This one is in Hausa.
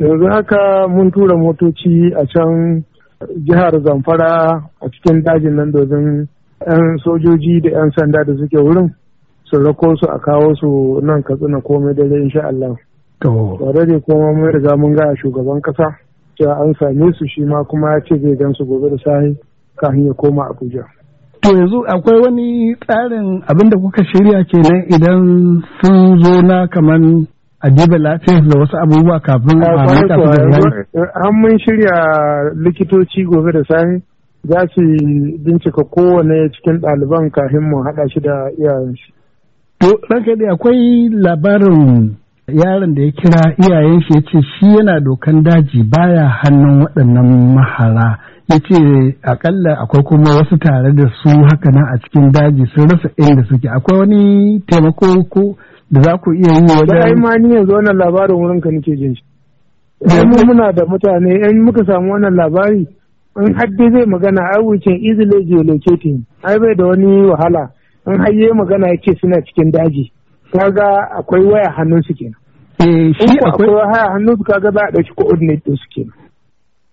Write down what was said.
yanzu haka mun tura motoci a can jihar zamfara a cikin dajin nan domin 'yan sojoji da 'yan sanda da suke wurin su rako su a kawo su nan katsina komai dare insha Allah. Tare da kuma mai riga mun ga shugaban kasa cewa an same su shi ma kuma ya ce zai gansu gobe da sahi kafin ya koma Abuja. To yanzu akwai wani tsarin abin da kuka shirya kenan idan sun zo na kaman a diba lafiyar da wasu abubuwa kafin a an eh, eh, mun shirya likitoci gobe da Sani za su bincika kowane cikin ɗaliban kafin mu haɗa shi da iyayensu To ranka da akwai labarin yaron da ya kira iyayen shi ya ce shi yana dokan daji baya hannun waɗannan mahara ya ce akalla akwai kuma wasu tare da su haka nan a cikin daji sun rasa inda suke akwai wani taimako ko da za ku iya yi wajen da ma ni yanzu wannan labarin wurin ka nake jin shi mu muna da mutane in muka samu wannan labari in har dai zai magana ai wucin can je geolocating ai bai da wani wahala in har yayi magana yake suna cikin daji kaga akwai waya hannun su kenan eh shi akwai waya hannun su kaga za a dauki coordinate su kenan